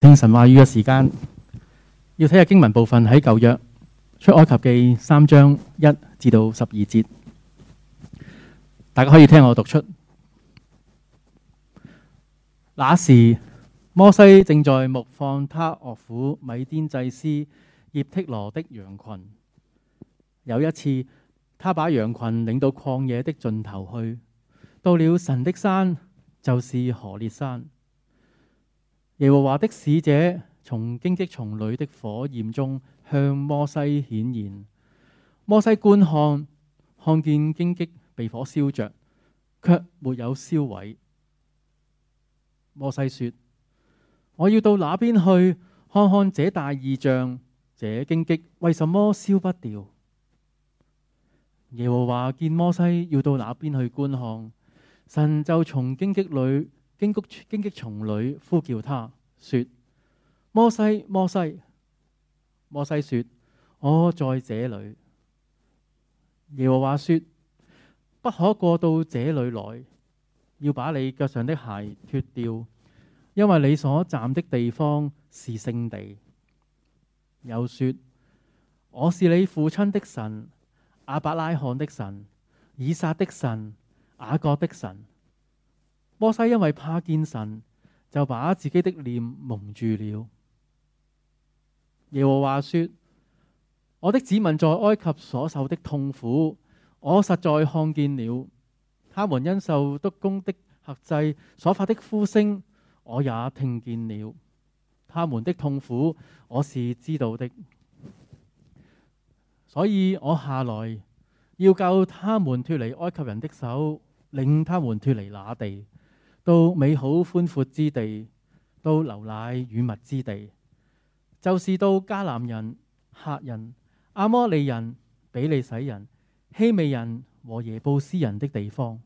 聽神話語嘅時間，要睇下經文部分喺舊約出埃及記三章一至到十二節，大家可以聽我讀出。那時摩西正在牧放他岳父米甸祭司葉忒羅的羊群，有一次他把羊群領到曠野的盡頭去，到了神的山，就是何烈山。耶和華的使者從荊棘叢裏的火焰中向摩西顯現。摩西觀看，看見荊棘被火燒着，卻沒有燒毀。摩西說：我要到那邊去看看這大異象，這荊棘為什麼燒不掉？耶和華見摩西要到那邊去觀看，神就從荊棘裏。荊谷荊棘叢裏呼叫他說：摩西，摩西，摩西說：我在這裏。耶和華說：不可過到這裏來，要把你腳上的鞋脱掉，因為你所站的地方是聖地。又說：我是你父親的神，亞伯拉罕的神，以撒的神，雅各的神。摩西因為怕見神，就把自己的臉蒙住了。耶和華說：我的子民在埃及所受的痛苦，我實在看見了；他們因受督工的轄制所發的呼聲，我也聽見了。他們的痛苦，我是知道的，所以我下來要救他們脫離埃及人的手，令他們脫離那地。到美好寬闊之地，到流奶與蜜之地，就是到迦南人、客人、阿摩利人、比利洗人、希未人和耶布斯人的地方。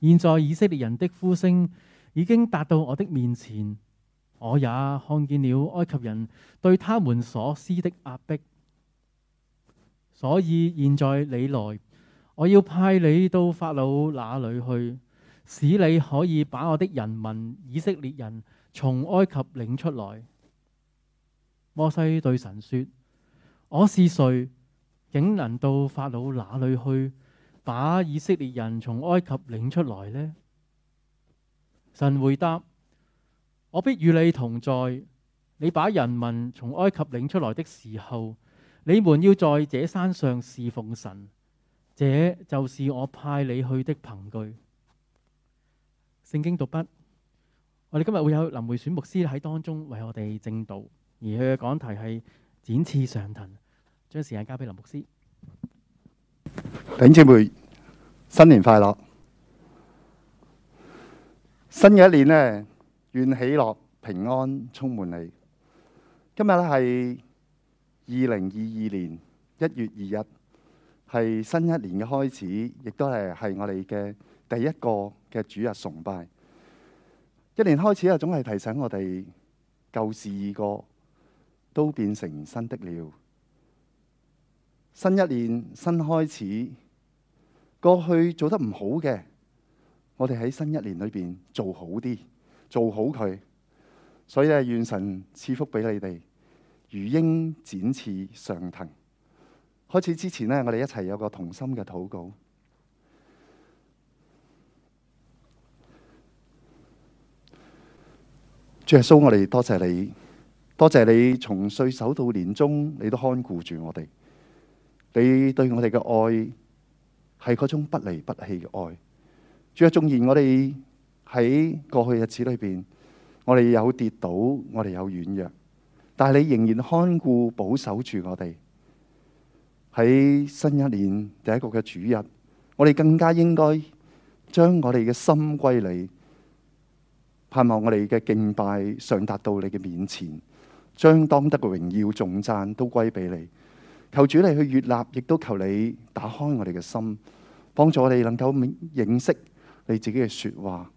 現在以色列人的呼聲已經達到我的面前，我也看見了埃及人對他們所施的壓迫。所以現在你來，我要派你到法老那裏去。使你可以把我的人民以色列人從埃及領出來。摩西對神說：我是誰，竟能到法老那裏去，把以色列人從埃及領出來呢？神回答：我必與你同在。你把人民從埃及領出來的時候，你們要在這山上侍奉神。這就是我派你去的憑據。聖經讀筆，我哋今日會有林梅選牧師喺當中為我哋正道，而佢嘅講題係展翅上騰。將時間交俾林牧師，弟兄姊妹，新年快樂！新嘅一年呢，願喜樂、平安充滿你。今日呢係二零二二年一月二日，係新一年嘅開始，亦都係係我哋嘅第一個嘅主日崇拜，一年開始啊，總係提醒我哋舊事已過，都變成新的了。新一年新開始，過去做得唔好嘅，我哋喺新一年裏邊做好啲，做好佢。所以咧，願神賜福俾你哋，如鷹展翅上騰。開始之前呢，我哋一齊有一個同心嘅禱告。主耶穌，我哋多謝你，多謝你從歲首到年終，你都看顧住我哋。你對我哋嘅愛係嗰種不離不棄嘅愛。主啊，縱然我哋喺過去日子裏邊，我哋有跌倒，我哋有軟弱，但係你仍然看顧保守住我哋。喺新一年第一個嘅主日，我哋更加應該將我哋嘅心歸你。盼望我哋嘅敬拜上達到你嘅面前，將當得嘅榮耀、頌讚都歸俾你。求主你去悅納，亦都求你打開我哋嘅心，幫助我哋能夠認識你自己嘅說話，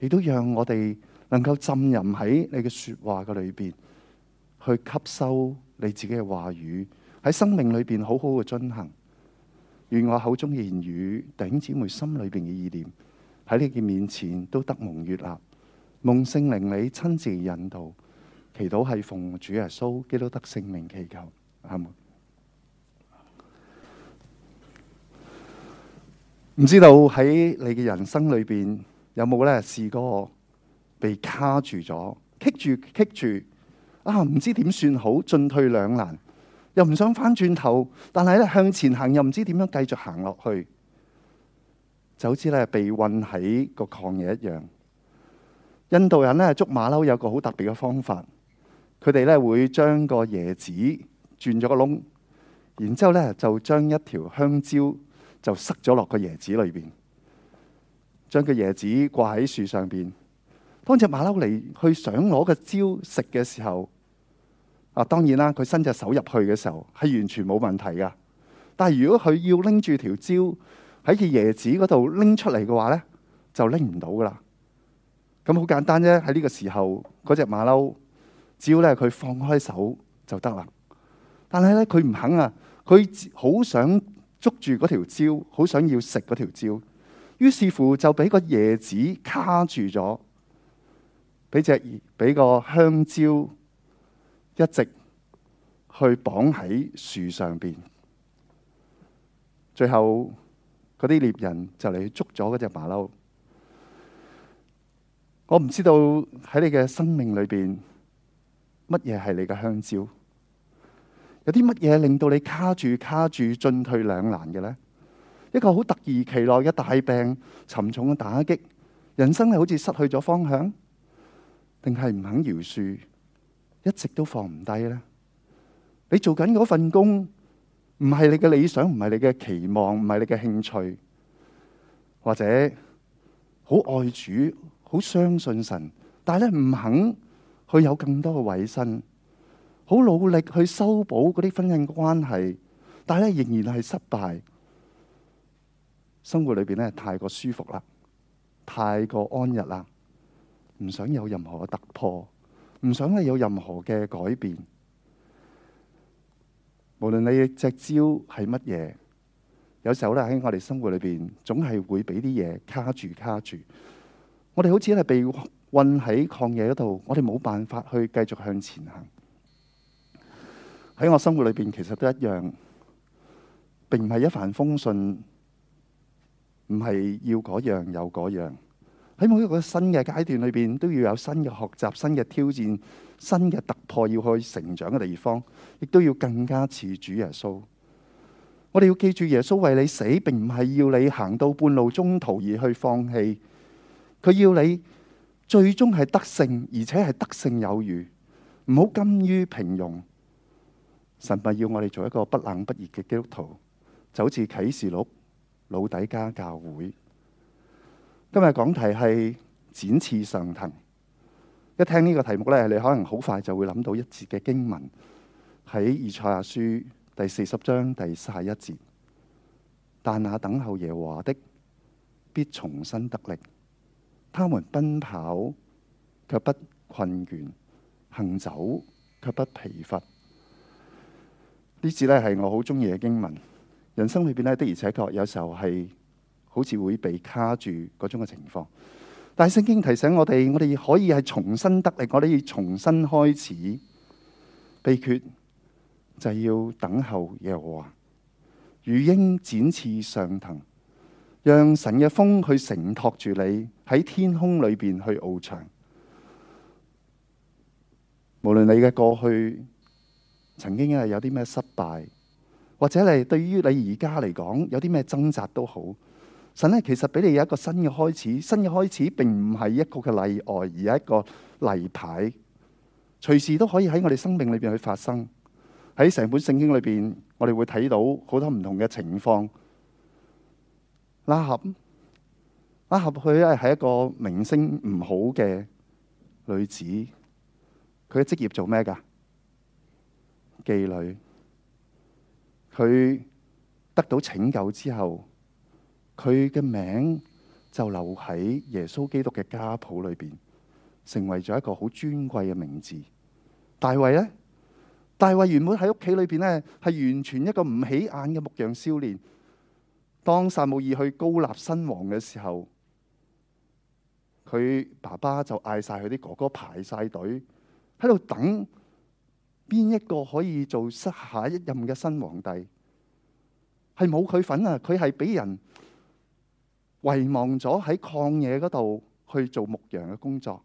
亦都讓我哋能夠浸淫喺你嘅說話嘅裏邊，去吸收你自己嘅話語喺生命裏邊好好嘅進行。願我口中嘅言語、弟兄姊妹心裏邊嘅意念喺你嘅面前都得蒙悅納。蒙聖靈你親自引導，祈禱係奉主耶穌基督得勝名祈求。係咪？唔知道喺你嘅人生裏邊有冇呢試過被卡住咗，棘住棘住，卡住啊！唔知點算好，進退兩難，又唔想翻轉頭，但係咧向前行又唔知點樣繼續行落去，就好似呢，被困喺個曠野一樣。印度人咧捉馬騮有個好特別嘅方法，佢哋咧會將個椰子轉咗個窿，然之後咧就將一條香蕉就塞咗落個椰子裏邊，將個椰子掛喺樹上邊。當隻馬騮嚟去想攞個蕉食嘅時候，啊當然啦，佢伸隻手入去嘅時候係完全冇問題㗎。但係如果佢要拎住條蕉喺個椰子嗰度拎出嚟嘅話咧，就拎唔到㗎啦。咁好簡單啫，喺呢個時候，嗰隻馬騮只要咧佢放開手就得啦。但係咧佢唔肯啊，佢好想捉住嗰條蕉，好想要食嗰條蕉。於是乎就俾個椰子卡住咗，俾隻俾個香蕉一直去綁喺樹上邊。最後嗰啲獵人就嚟捉咗嗰隻馬騮。我唔知道喺你嘅生命裏邊，乜嘢係你嘅香蕉？有啲乜嘢令到你卡住、卡住、進退兩難嘅呢？一個好突如其來嘅大病，沉重嘅打擊，人生係好似失去咗方向，定係唔肯饒恕，一直都放唔低呢？你做緊嗰份工，唔係你嘅理想，唔係你嘅期望，唔係你嘅興趣，或者好愛主。好相信神，但係咧唔肯去有更多嘅委身，好努力去修補嗰啲婚姻嘅關係，但係咧仍然係失敗。生活裏邊咧太過舒服啦，太過安逸啦，唔想有任何嘅突破，唔想你有任何嘅改變。無論你隻招係乜嘢，有時候咧喺我哋生活裏邊，總係會俾啲嘢卡住卡住。我哋好似係被困喺曠野嗰度，我哋冇辦法去繼續向前行。喺我生活裏邊，其實都一樣，並唔係一帆風順，唔係要嗰樣又嗰樣。喺每一個新嘅階段裏邊，都要有新嘅學習、新嘅挑戰、新嘅突破，要去成長嘅地方，亦都要更加似主耶穌。我哋要記住耶穌為你死，並唔係要你行到半路中途而去放棄。佢要你最終係得勝，而且係得勝有餘，唔好甘於平庸。神唔係要我哋做一個不冷不熱嘅基督徒，就好似啟示錄老底嘉教會。今日講題係展翅上騰。一聽呢個題目呢，你可能好快就會諗到一節嘅經文喺以賽亞書第四十章第三十一節。但那等候耶和華的必重新得力。他們奔跑卻不困倦，行走卻不疲乏。這呢字呢係我好鍾意嘅經文。人生裏邊呢的而且確，有時候係好似會被卡住嗰種嘅情況。但係聖經提醒我哋，我哋可以係重新得力，我哋要重新開始。秘訣就係要等候耶和華，如鷹展翅上騰。讓神嘅風去承托住你喺天空裏邊去翱翔。無論你嘅過去曾經啊有啲咩失敗，或者你對於你而家嚟講有啲咩掙扎都好，神咧其實俾你有一個新嘅開始。新嘅開始並唔係一個嘅例外，而係一個例牌，隨時都可以喺我哋生命裏邊去發生。喺成本聖經裏邊，我哋會睇到好多唔同嘅情況。阿合，阿合佢係一個名聲唔好嘅女子，佢嘅職業做咩㗎？妓女。佢得到拯救之後，佢嘅名就留喺耶穌基督嘅家譜裏邊，成為咗一個好尊貴嘅名字。大衛呢？大衛原本喺屋企裏邊呢，係完全一個唔起眼嘅牧羊少年。當撒母耳去高立新王嘅時候，佢爸爸就嗌晒佢啲哥哥排晒隊喺度等，邊一個可以做下一任嘅新皇帝？係冇佢份啊！佢係俾人遺忘咗喺曠野嗰度去做牧羊嘅工作，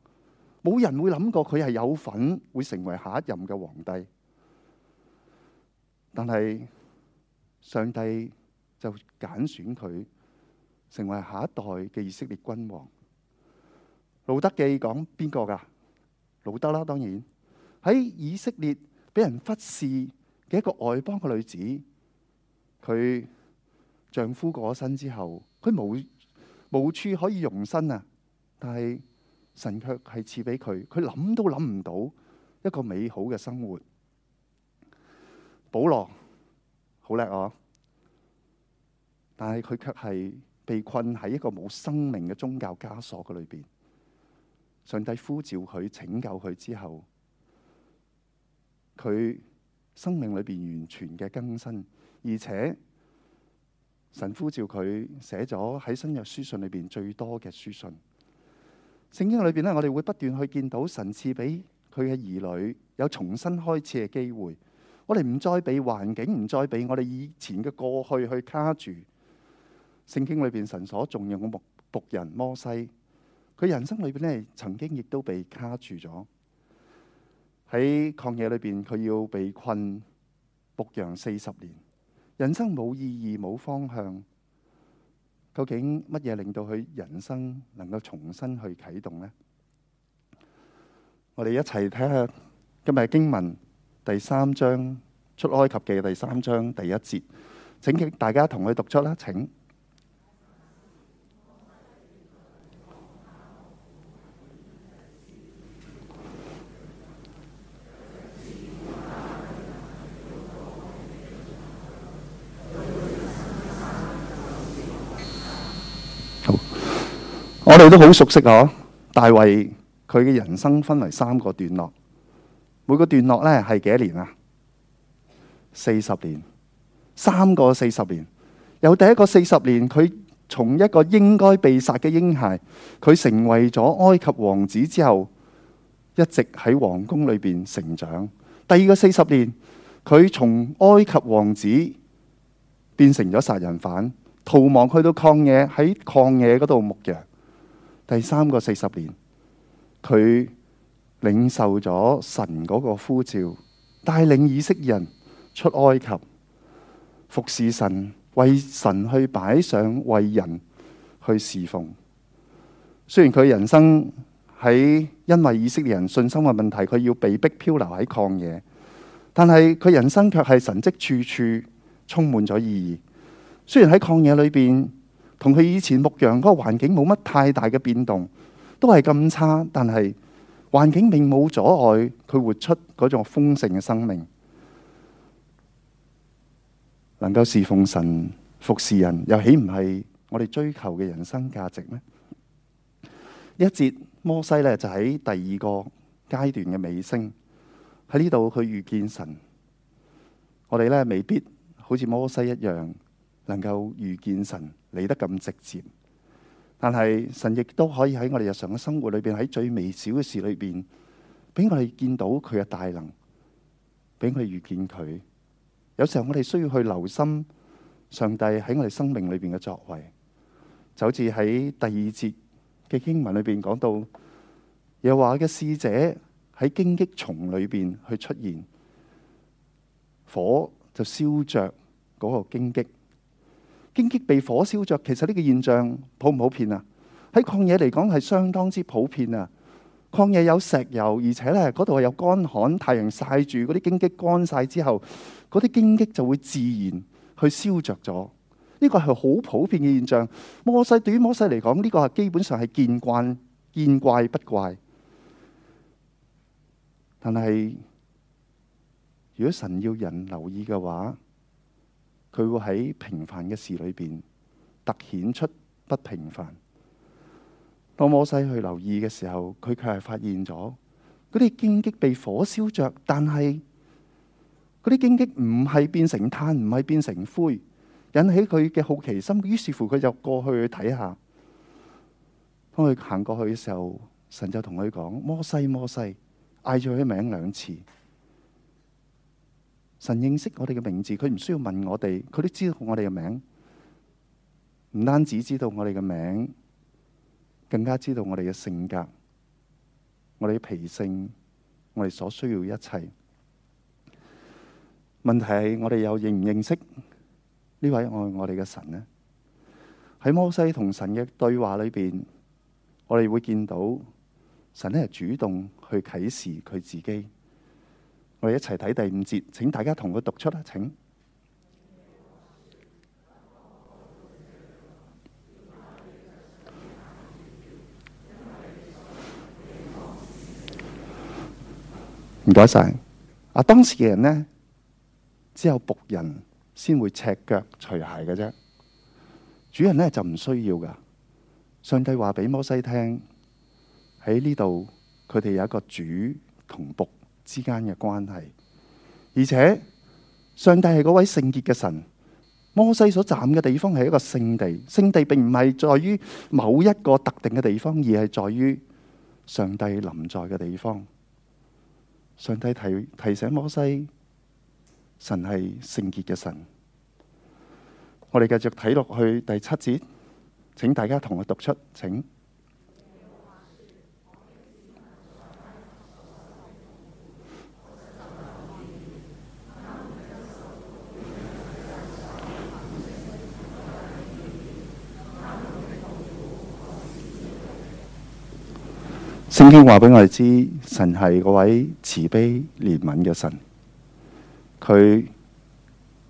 冇人會諗過佢係有份會成為下一任嘅皇帝。但係上帝。就揀選佢成為下一代嘅以色列君王。路德記講邊個㗎？路德啦，當然喺以色列俾人忽視嘅一個外邦嘅女子，佢丈夫過咗身之後，佢無無處可以容身啊！但係神卻係賜俾佢，佢諗都諗唔到一個美好嘅生活。保羅好叻哦！但係佢卻係被困喺一個冇生命嘅宗教枷鎖嘅裏邊。上帝呼召佢拯救佢之後，佢生命裏邊完全嘅更新，而且神呼召佢寫咗喺新約書信裏邊最多嘅書信。聖經裏邊呢，我哋會不斷去見到神賜俾佢嘅兒女有重新開始嘅機會。我哋唔再被環境，唔再被我哋以前嘅過去去卡住。聖經裏邊神所重用嘅僕僕人摩西，佢人生裏邊呢，曾經亦都被卡住咗喺曠野裏邊，佢要被困牧羊四十年，人生冇意義冇方向。究竟乜嘢令到佢人生能夠重新去啟動呢？我哋一齊睇下今日經文第三章出埃及記第三章第一節，請大家同佢讀出啦，請。我哋都好熟悉啊。大衛佢嘅人生分為三個段落，每個段落咧係幾多年啊？四十年，三個四十年。有第一個四十年，佢從一個應該被殺嘅嬰孩，佢成為咗埃及王子之後，一直喺皇宮裏邊成長。第二個四十年，佢從埃及王子變成咗殺人犯。逃亡去到曠野，喺曠野嗰度牧羊。第三個四十年，佢領受咗神嗰個呼召，帶領以色列人出埃及，服侍神，為神去擺上，為人去侍奉。雖然佢人生喺因為以色列人信心嘅問題，佢要被迫漂流喺曠野，但係佢人生卻係神蹟處處充滿咗意義。雖然喺曠野裏邊，同佢以前牧羊嗰個環境冇乜太大嘅變動，都係咁差，但係環境並冇阻礙佢活出嗰種豐盛嘅生命，能夠侍奉神、服侍人，又豈唔係我哋追求嘅人生價值呢？一節摩西呢，就喺第二個階段嘅尾聲喺呢度，佢遇見神。我哋呢，未必好似摩西一樣。能夠遇見神嚟得咁直接，但係神亦都可以喺我哋日常嘅生活裏邊，喺最微小嘅事裏邊，俾我哋見到佢嘅大能，俾我哋遇見佢。有時候我哋需要去留心上帝喺我哋生命裏邊嘅作為，就好似喺第二節嘅經文裏邊講到，有話嘅使者喺荊棘叢裏邊去出現，火就燒着嗰個荊棘。荊棘被火燒着，其實呢個現象普唔普遍啊？喺曠野嚟講係相當之普遍啊！曠野有石油，而且呢嗰度有乾旱，太陽曬住嗰啲荊棘乾晒之後，嗰啲荊棘就會自然去燒着咗。呢個係好普遍嘅現象。摩西對於摩西嚟講，呢個係基本上係見慣、見怪不怪。但係如果神要人留意嘅話，佢會喺平凡嘅事裏邊突顯出不平凡。當摩西去留意嘅時候，佢卻係發現咗嗰啲荊棘被火燒着，但係嗰啲荊棘唔係變成炭，唔係變成灰，引起佢嘅好奇心。於是乎，佢就過去睇下。當佢行過去嘅時候，神就同佢講，摩西，摩西，嗌咗佢名兩次。神認識我哋嘅名字，佢唔需要問我哋，佢都知道我哋嘅名字，唔單止知道我哋嘅名，更加知道我哋嘅性格，我哋嘅脾性，我哋所需要一切。問題係我哋又認唔認識呢位愛我哋嘅神呢？喺摩西同神嘅對話裏邊，我哋會見到神呢係主動去啟示佢自己。我哋一齊睇第五節，請大家同佢讀出啦，請唔該晒。啊，當時嘅人呢只有僕人先會赤腳除鞋嘅啫，主人呢就唔需要噶。上帝話俾摩西聽，喺呢度，佢哋有一個主同僕之間嘅關係，而且上帝係嗰位聖潔嘅神，摩西所站嘅地方係一個聖地。聖地並唔係在於某一個特定嘅地方，而係在於上帝臨在嘅地方。上帝提提醒摩西，神係聖潔嘅神。我哋繼續睇落去第七節，請大家同我讀出，請。聖經話俾我哋知，神係嗰位慈悲憐憫嘅神。佢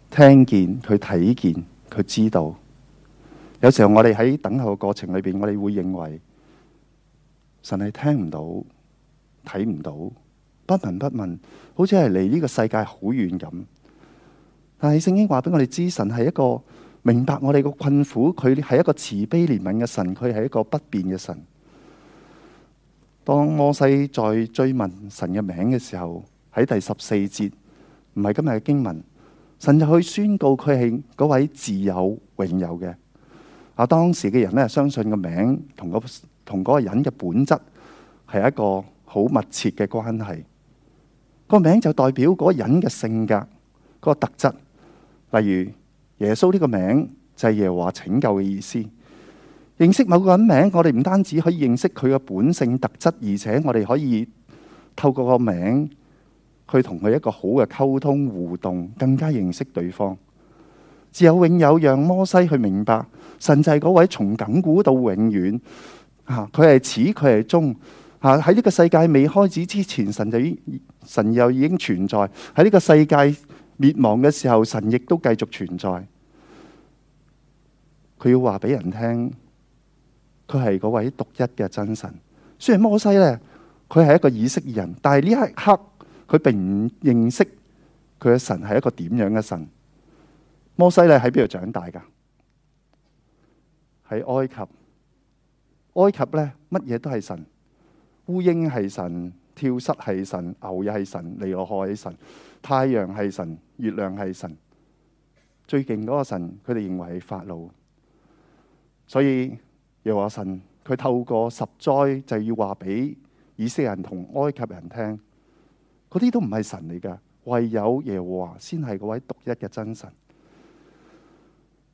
聽見，佢睇見，佢知道。有時候我哋喺等候嘅過程裏邊，我哋會認為神係聽唔到、睇唔到、不聞不問，好似係離呢個世界好遠咁。但係聖經話俾我哋知，神係一個明白我哋嘅困苦，佢係一個慈悲憐憫嘅神，佢係一個不變嘅神。當摩西在追問神嘅名嘅時候，喺第十四節，唔係今日嘅經文，神就去宣告佢係嗰位自有永有嘅。啊，當時嘅人呢，相信個名同同嗰個人嘅本質係一個好密切嘅關係。個名就代表嗰人嘅性格、嗰、嗰個特質。例如耶穌呢個名就係、是、耶華拯救嘅意思。認識某個人名，我哋唔單止可以認識佢嘅本性特質，而且我哋可以透過個名，去同佢一個好嘅溝通互動，更加認識對方。自有永有，讓摩西去明白，神就係嗰位從亙古到永遠。佢、啊、係始，佢係終。喺、啊、呢個世界未開始之前，神就已，神又已經存在。喺呢個世界滅亡嘅時候，神亦都繼續存在。佢要話俾人聽。佢係嗰位獨一嘅真神。雖然摩西呢，佢係一個以色列人，但係呢一刻佢並唔認識佢嘅神係一個點樣嘅神。摩西呢，喺邊度長大㗎？喺埃及。埃及呢，乜嘢都係神。烏蠅係神，跳蚤係神，牛又係神，尼羅河係神，太陽係神，月亮係神。最勁嗰個神，佢哋認為係法老。所以。又話神，佢透過十災就要話俾以色列人同埃及人聽，嗰啲都唔係神嚟噶，唯有耶和華先係嗰位獨一嘅真神。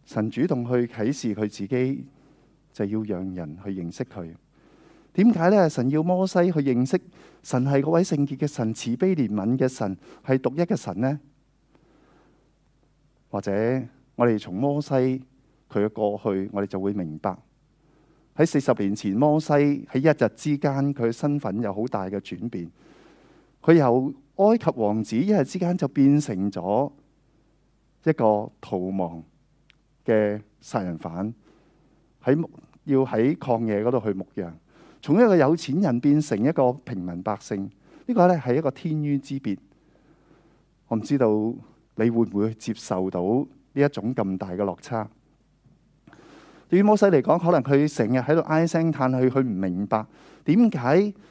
神主動去啟示佢自己，就要讓人去認識佢。點解呢？神要摩西去認識神係嗰位聖潔嘅神、慈悲憐憫嘅神、係獨一嘅神呢？或者我哋從摩西佢嘅過去，我哋就會明白。喺四十年前，摩西喺一日之間，佢身份有好大嘅轉變。佢由埃及王子一日之間就變成咗一個逃亡嘅殺人犯，喺要喺曠野嗰度去牧羊。從一個有錢人變成一個平民百姓，這個、呢個咧係一個天淵之別。我唔知道你會唔會接受到呢一種咁大嘅落差。對摩西嚟講，可能佢成日喺度唉聲嘆氣，佢唔明白點解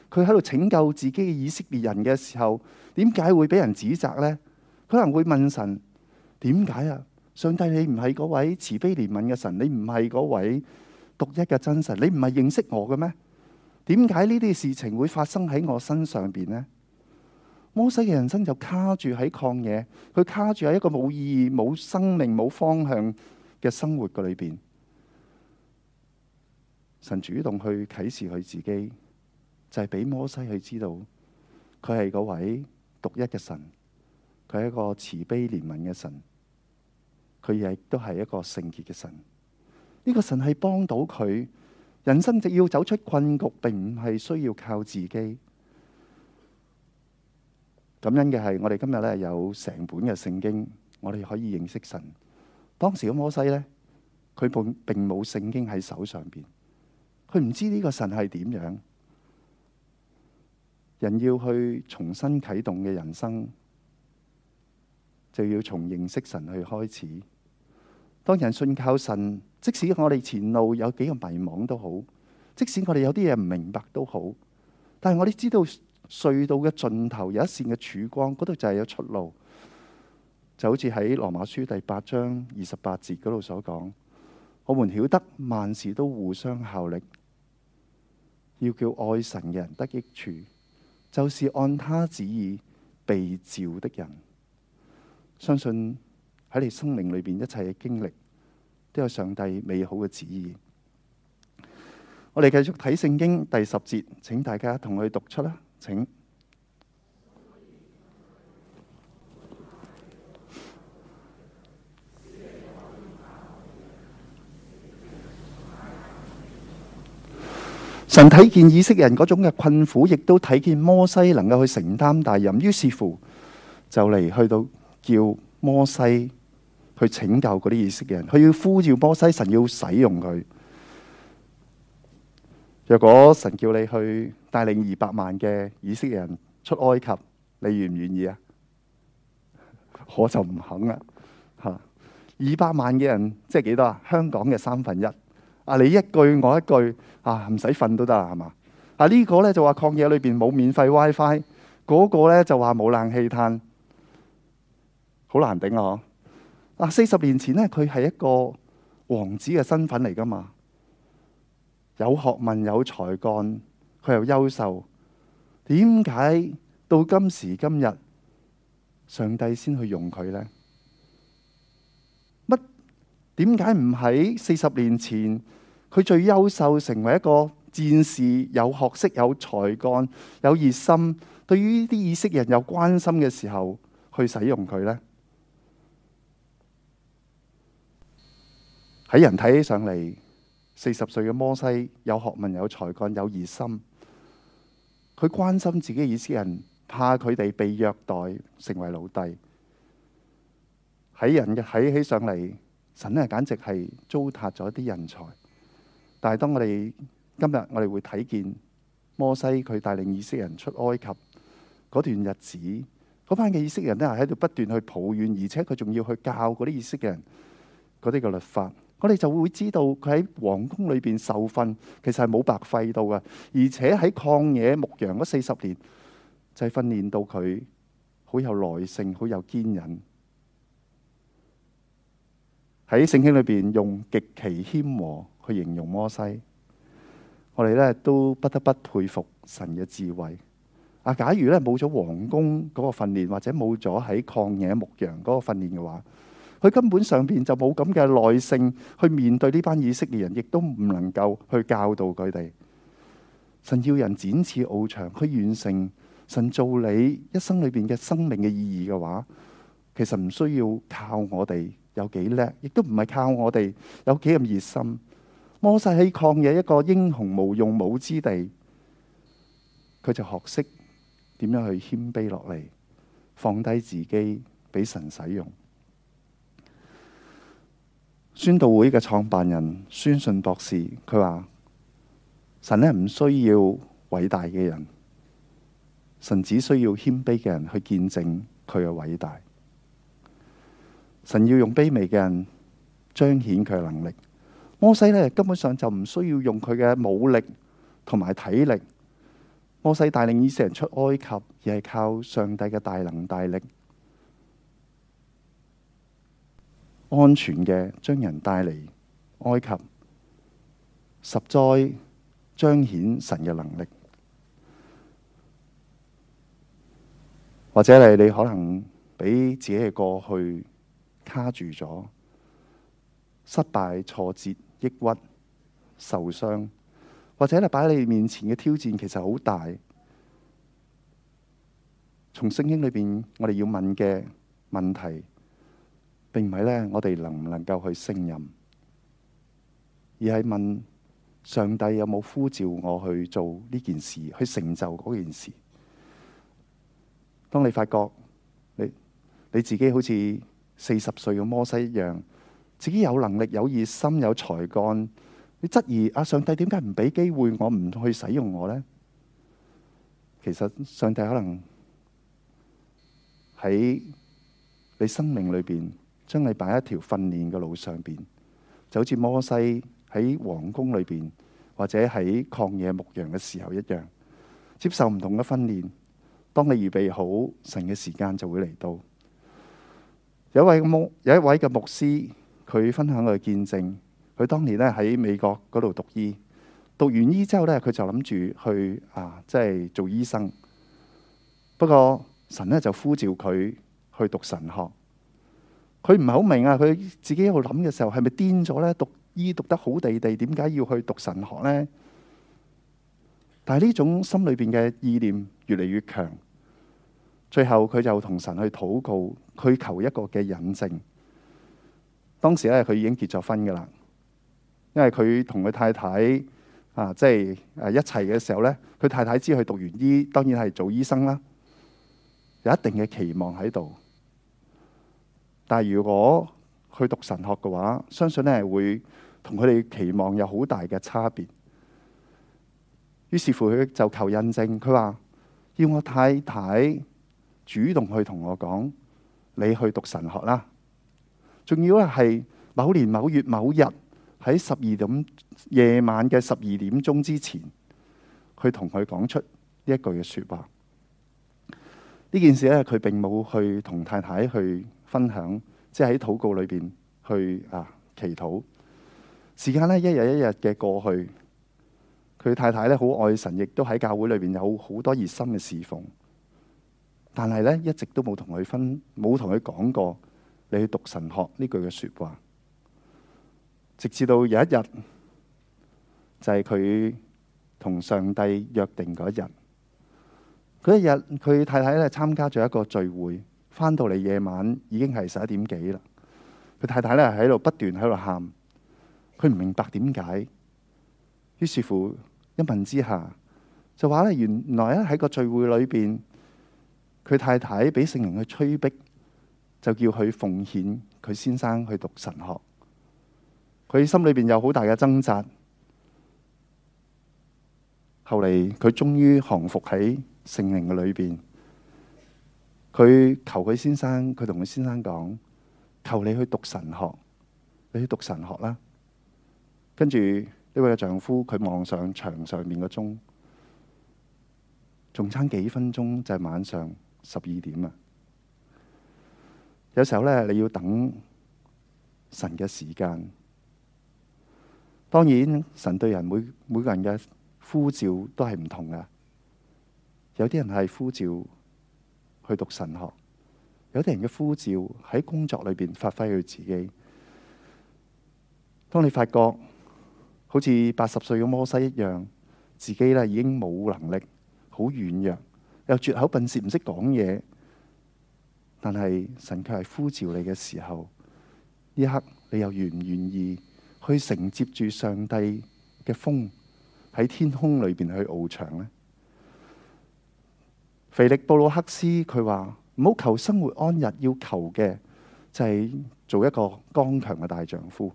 佢喺度拯救自己嘅以色列人嘅時候，點解會俾人指責呢？佢可能會問神：點解啊？上帝，你唔係嗰位慈悲憐憫嘅神，你唔係嗰位獨一嘅真神，你唔係認識我嘅咩？點解呢啲事情會發生喺我身上邊呢？摩西嘅人生就卡住喺曠野，佢卡住喺一個冇意義、冇生命、冇方向嘅生活嘅裏邊。神主動去啟示佢自己，就係、是、俾摩西去知道佢係嗰位獨一嘅神，佢係一個慈悲憐憫嘅神，佢亦都係一個聖潔嘅神。呢、這個神係幫到佢人生，直要走出困局，並唔係需要靠自己。感恩嘅係我哋今日咧有成本嘅聖經，我哋可以認識神。當時嘅摩西呢，佢並並冇聖經喺手上邊。佢唔知呢個神係點樣，人要去重新啟動嘅人生，就要從認識神去開始。當人信靠神，即使我哋前路有幾個迷惘都好，即使我哋有啲嘢唔明白都好，但係我哋知道隧道嘅盡頭有一線嘅曙光，嗰度就係有出路。就好似喺羅馬書第八章二十八節嗰度所講，我們曉得萬事都互相效力。要叫愛神嘅人得益處，就是按他旨意被召的人。相信喺你生命裏邊一切嘅經歷，都有上帝美好嘅旨意。我哋繼續睇聖經第十節，請大家同我讀出啦，請。神睇見以色列人嗰種嘅困苦，亦都睇見摩西能夠去承擔大任，於是乎就嚟去到叫摩西去拯救嗰啲以色列人，佢要呼召摩西，神要使用佢。若果神叫你去帶領二百萬嘅以色列人出埃及，你願唔願意啊？我就唔肯喇！吓， 二百萬嘅人即係幾多啊？香港嘅三分一。啊！你一句我一句，啊，唔使瞓都得啦，係嘛？啊，呢個呢就話曠野裏邊冇免費 WiFi，嗰個呢就話冇冷氣嘆，好難頂啊！啊，四十年前呢，佢係一個王子嘅身份嚟噶嘛，有學問有才幹，佢又優秀，點解到今時今日，上帝先去用佢呢？點解唔喺四十年前，佢最優秀成為一個戰士，有學識、有才幹、有熱心，對於呢啲以色列人有關心嘅時候，去使用佢呢？喺人睇起上嚟，四十歲嘅摩西有學問、有才幹、有熱心，佢關心自己以色列人，怕佢哋被虐待，成為奴隸。喺人嘅睇起上嚟。神呢係簡直係糟蹋咗啲人才，但係當我哋今日我哋會睇見摩西佢帶領以色列人出埃及嗰段日子，嗰班嘅以色列人呢係喺度不斷去抱怨，而且佢仲要去教嗰啲以色列人嗰啲嘅律法，我哋就會知道佢喺皇宮裏邊受訓，其實係冇白費到㗎，而且喺曠野牧羊嗰四十年，就係訓練到佢好有耐性，好有堅韌。喺聖經裏邊用極其謙和去形容摩西，我哋咧都不得不佩服神嘅智慧。啊，假如咧冇咗王宮嗰個訓練，或者冇咗喺曠野牧羊嗰個訓練嘅話，佢根本上邊就冇咁嘅耐性去面對呢班以色列人，亦都唔能夠去教導佢哋。神要人展翅翱翔，去完成神造你一生裏邊嘅生命嘅意義嘅話，其實唔需要靠我哋。有幾叻，亦都唔係靠我哋有幾咁熱心。摩西喺曠野一個英雄無用武之地，佢就學識點樣去謙卑落嚟，放低自己俾神使用。宣道會嘅創辦人宣信博士，佢話：神咧唔需要偉大嘅人，神只需要謙卑嘅人去見證佢嘅偉大。神要用卑微嘅人彰顯佢嘅能力。摩西呢，根本上就唔需要用佢嘅武力同埋體力。摩西帶領以色列人出埃及，而係靠上帝嘅大能大力，安全嘅將人帶嚟埃及，十災彰顯神嘅能力。或者係你可能俾自己嘅過去。卡住咗，失敗、挫折、抑鬱、受傷，或者係擺你面前嘅挑戰，其實好大。從聖經裏邊，我哋要問嘅問題，並唔係呢：我哋能唔能夠去勝任，而係問上帝有冇呼召我去做呢件事，去成就嗰件事。當你發覺你你自己好似。四十歲嘅摩西一樣，自己有能力、有熱心、有才幹。你質疑啊，上帝點解唔俾機會我，唔去使用我呢？其實上帝可能喺你生命裏邊，將你擺喺一條訓練嘅路上邊，就好似摩西喺皇宮裏邊或者喺曠野牧羊嘅時候一樣，接受唔同嘅訓練。當你預備好，神嘅時間就會嚟到。有一位牧，有一位嘅牧師，佢分享佢見證，佢當年咧喺美國嗰度讀醫，讀完醫之後咧，佢就諗住去啊，即係做醫生。不過神咧就呼召佢去讀神學，佢唔係好明啊！佢自己喺度諗嘅時候，係咪癲咗咧？讀醫讀得好地地，點解要去讀神學咧？但係呢種心裏邊嘅意念越嚟越強。最後佢就同神去禱告，去求一個嘅引證。當時咧，佢已經結咗婚噶啦，因為佢同佢太太啊，即係誒一齊嘅時候咧，佢太太知佢讀完醫，當然係做醫生啦，有一定嘅期望喺度。但係如果去讀神學嘅話，相信咧係會同佢哋期望有好大嘅差別。於是乎佢就求印證，佢話要我太太，主動去同我講，你去讀神學啦。仲要咧係某年某月某日喺十二點夜晚嘅十二點鐘之前，去同佢講出呢一句嘅説話。呢件事咧，佢並冇去同太太去分享，即係喺禱告裏邊去啊祈禱。時間咧一日一日嘅過去，佢太太咧好愛神，亦都喺教會裏邊有好多熱心嘅侍奉。但係咧，一直都冇同佢分，冇同佢講過你去讀神學呢句嘅説話，直至到有一日，就係佢同上帝約定嗰日。嗰日佢太太咧參加咗一個聚會，返到嚟夜晚已經係十一點幾啦。佢太太咧喺度不斷喺度喊，佢唔明白點解。於是乎一問之下，就話咧原來咧喺個聚會裏邊。佢太太俾聖靈去催逼，就叫佢奉獻佢先生去讀神學。佢心裏邊有好大嘅掙扎。後嚟佢終於降服喺聖靈嘅裏邊。佢求佢先生，佢同佢先生講：求你去讀神學，你去讀神學啦。跟住呢位嘅丈夫，佢望上牆上面嘅鐘，仲差幾分鐘就係晚上十二點啊！有時候咧，你要等神嘅時間。當然，神對人每每個人嘅呼召都係唔同嘅。有啲人係呼召去讀神學，有啲人嘅呼召喺工作裏邊發揮佢自己。當你發覺好似八十歲嘅摩西一樣，自己呢已經冇能力，好軟弱，又絕口笨舌唔識講嘢，但係神卻係呼召你嘅時候，呢一刻你又願唔願意去承接住上帝嘅風喺天空裏邊去翱翔呢？腓力布魯克斯佢話：唔好求生活安逸，要求嘅就係做一個剛強嘅大丈夫。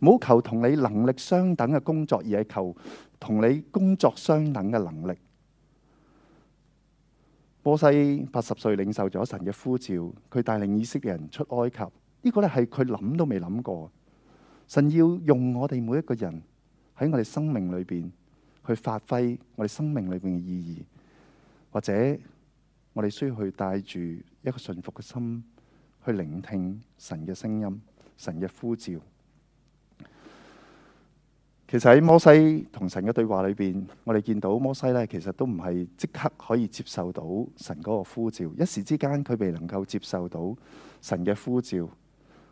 唔好求同你能力相等嘅工作，而係求同你工作相等嘅能力。波西八十歲領受咗神嘅呼召，佢帶領以色列嘅人出埃及，呢個咧係佢諗都未諗過。神要用我哋每一個人喺我哋生命裏邊去發揮我哋生命裏邊嘅意義，或者我哋需要去帶住一個順服嘅心去聆聽神嘅聲音、神嘅呼召。其實喺摩西同神嘅對話裏邊，我哋見到摩西呢，其實都唔係即刻可以接受到神嗰個呼召，一時之間佢未能夠接受到神嘅呼召。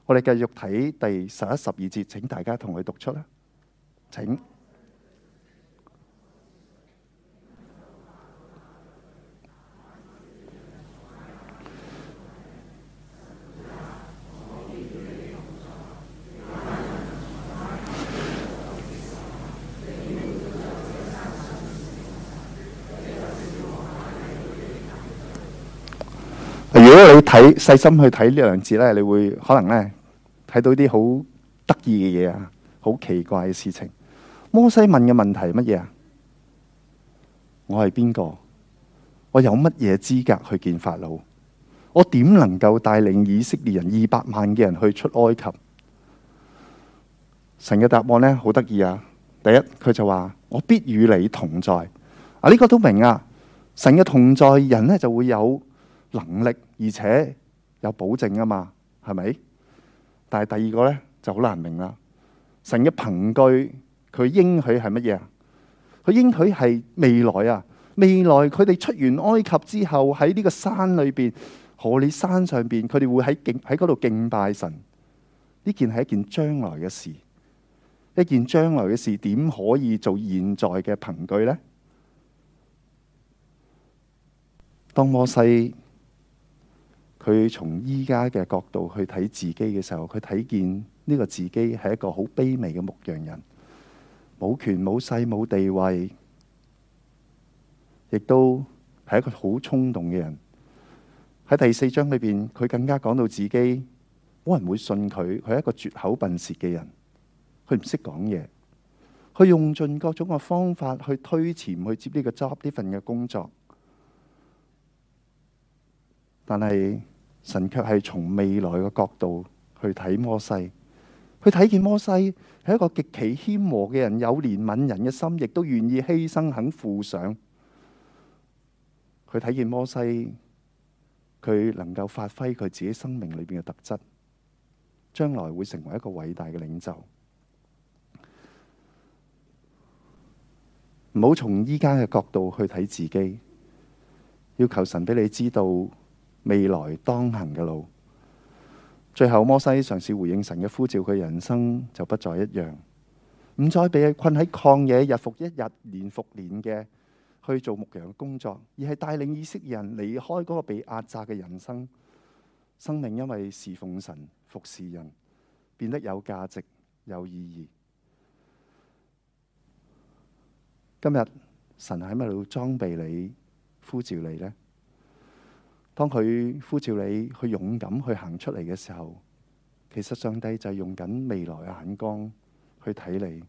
我哋繼續睇第十一、十二節，請大家同佢讀出啦。請。睇細心去睇呢兩字咧，你會可能咧睇到啲好得意嘅嘢啊，好奇怪嘅事情。摩西問嘅問題係乜嘢啊？我係邊個？我有乜嘢資格去見法老？我點能夠帶領以色列人二百萬嘅人去出埃及？神嘅答案呢，好得意啊！第一，佢就話：我必與你同在。啊，呢、這個都明啊！神嘅同在，人呢就會有。能力，而且有保證啊嘛，係咪？但係第二個呢就好難明啦。神嘅憑據，佢應許係乜嘢？佢應許係未來啊！未來佢哋出完埃及之後，喺呢個山裏邊，何里山上邊，佢哋會喺敬喺度敬拜神。呢件係一件將來嘅事，一件將來嘅事點可以做現在嘅憑據呢？當摩西。佢從依家嘅角度去睇自己嘅時候，佢睇見呢個自己係一個好卑微嘅牧羊人，冇權冇勢冇地位，亦都係一個好衝動嘅人。喺第四章裏邊，佢更加講到自己冇人會信佢，佢係一個絕口笨舌嘅人，佢唔識講嘢，佢用盡各種嘅方法去推辭去接呢個 job 呢份嘅工作，但係。神卻係從未來嘅角度去睇摩西，佢睇見摩西係一個極其謙和嘅人，有憐憫人嘅心，亦都願意犧牲，肯負上。佢睇見摩西，佢能夠發揮佢自己生命裏邊嘅特質，將來會成為一個偉大嘅領袖。唔好從依家嘅角度去睇自己，要求神俾你知道。未來當行嘅路，最後摩西嘗試回應神嘅呼召，佢人生就不再一樣，唔再被困喺曠野日復一日，年復年嘅去做牧羊工作，而係帶領以色列人離開嗰個被壓榨嘅人生。生命因為侍奉神、服侍人，變得有價值、有意義。今日神喺邊度裝備你、呼召你呢？當佢呼召你去勇敢去行出嚟嘅時候，其實上帝就係用緊未來嘅眼光去睇你，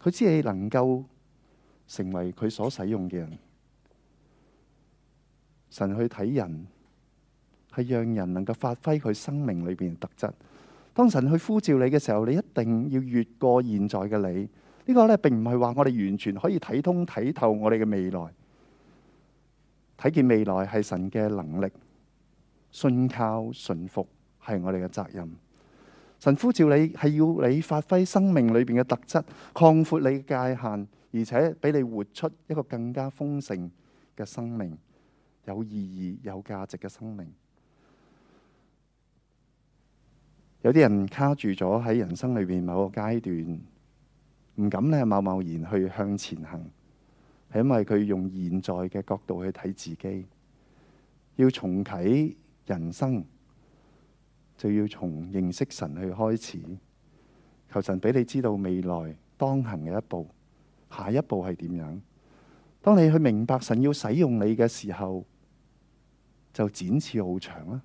佢只係能夠成為佢所使用嘅人。神去睇人，係讓人能夠發揮佢生命裏邊嘅特質。當神去呼召你嘅時候，你一定要越過現在嘅你。呢個呢並唔係話我哋完全可以睇通睇透我哋嘅未來。睇見未來係神嘅能力，信靠順服係我哋嘅責任。神呼召你係要你發揮生命裏邊嘅特質，擴闊你嘅界限，而且俾你活出一個更加豐盛嘅生命，有意義、有價值嘅生命。有啲人卡住咗喺人生裏邊某個階段，唔敢咧貿貿然去向前行。係因為佢用現在嘅角度去睇自己，要重啟人生，就要從認識神去開始。求神俾你知道未來當行嘅一步，下一步係點樣？當你去明白神要使用你嘅時候，就展翅翱翔啦！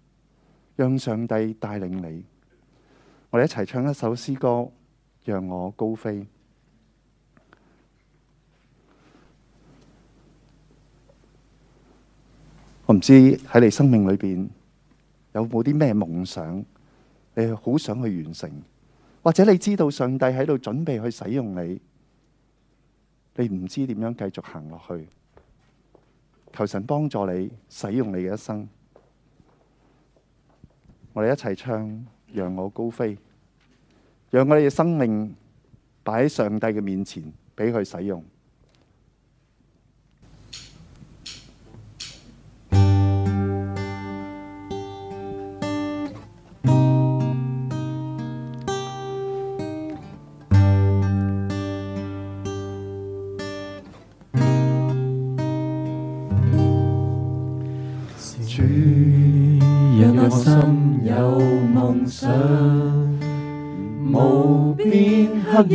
讓上帝帶領你。我哋一齊唱一首詩歌，讓我高飛。我唔知喺你生命裏邊有冇啲咩夢想，你好想去完成，或者你知道上帝喺度準備去使用你，你唔知點樣繼續行落去，求神幫助你使用你嘅一生。我哋一齊唱《讓我高飛》，讓我哋嘅生命擺喺上帝嘅面前，俾佢使用。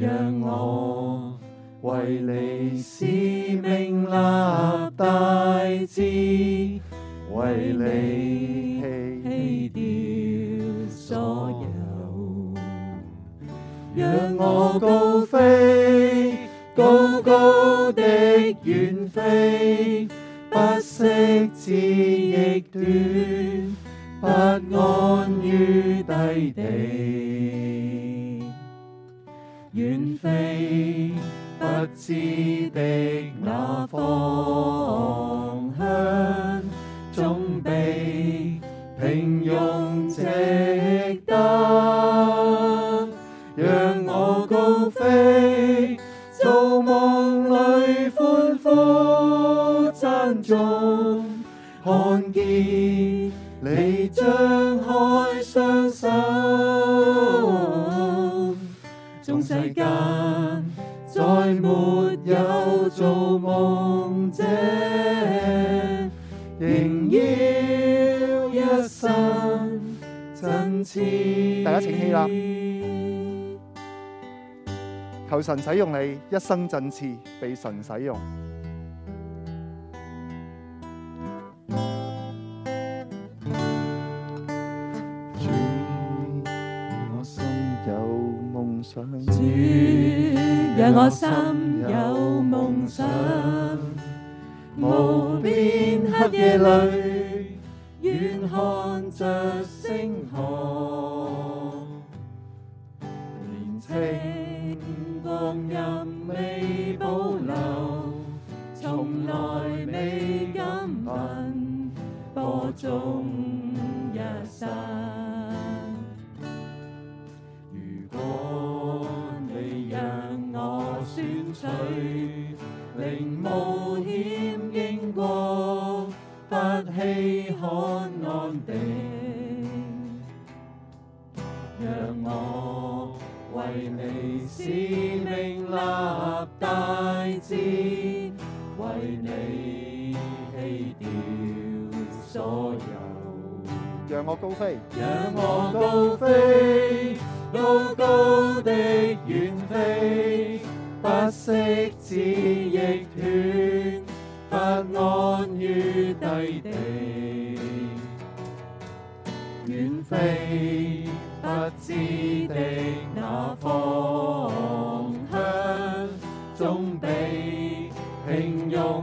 讓我為你使命立大志，為你棄掉所有。讓我高飛，高高的遠飛，不惜自亦短，不安於低地。遠飛，不知的那方向，總比平庸，值得。讓我高飛，做夢裏歡呼，讚頌，看見你張開。間再沒有做夢者，仍要一生盡次。大家請起立，求神使用你一生盡次，被神使用。主，讓我心有夢想，無邊黑夜裏。高飛，仰望高飛，高高的遠飛，不惜展亦斷，不安於低地。遠飛，不知地那方向，總比平庸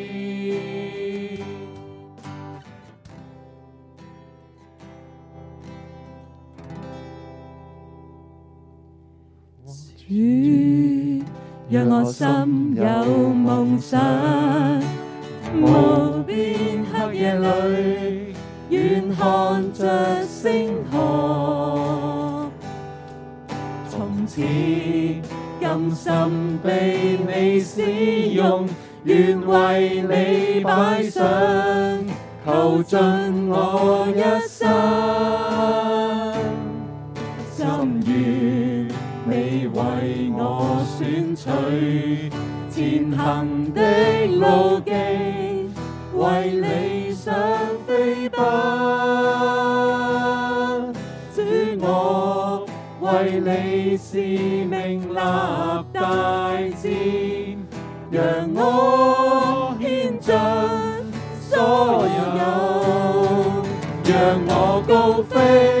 讓我心有夢想，無邊黑夜裏願看着星河。從此甘心被你使用，願為你擺上，求盡我一生。前行的路徑，為理想飛奔。主我為你使命立大志，讓我獻盡所有，讓我高飛。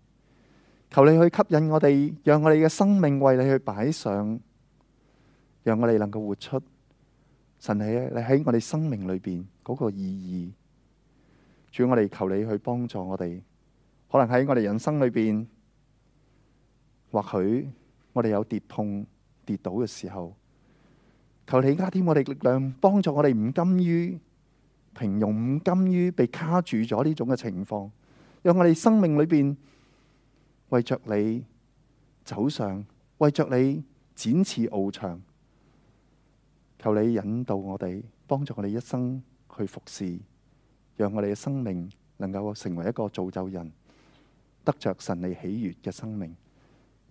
求你去吸引我哋，讓我哋嘅生命為你去擺上，讓我哋能夠活出神喺你喺我哋生命裏邊嗰個意義。主，我哋求你去幫助我哋，可能喺我哋人生裏邊，或許我哋有跌痛跌倒嘅時候，求你加添我哋力量，幫助我哋唔甘於平庸，唔甘於被卡住咗呢種嘅情況。讓我哋生命裏邊。為着你走上，為着你展翅翱翔，求你引導我哋，幫助我哋一生去服侍，讓我哋嘅生命能夠成為一個造就人，得着神利喜悅嘅生命。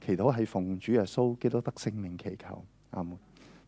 祈禱係奉主耶穌基督得聖名祈求，阿門。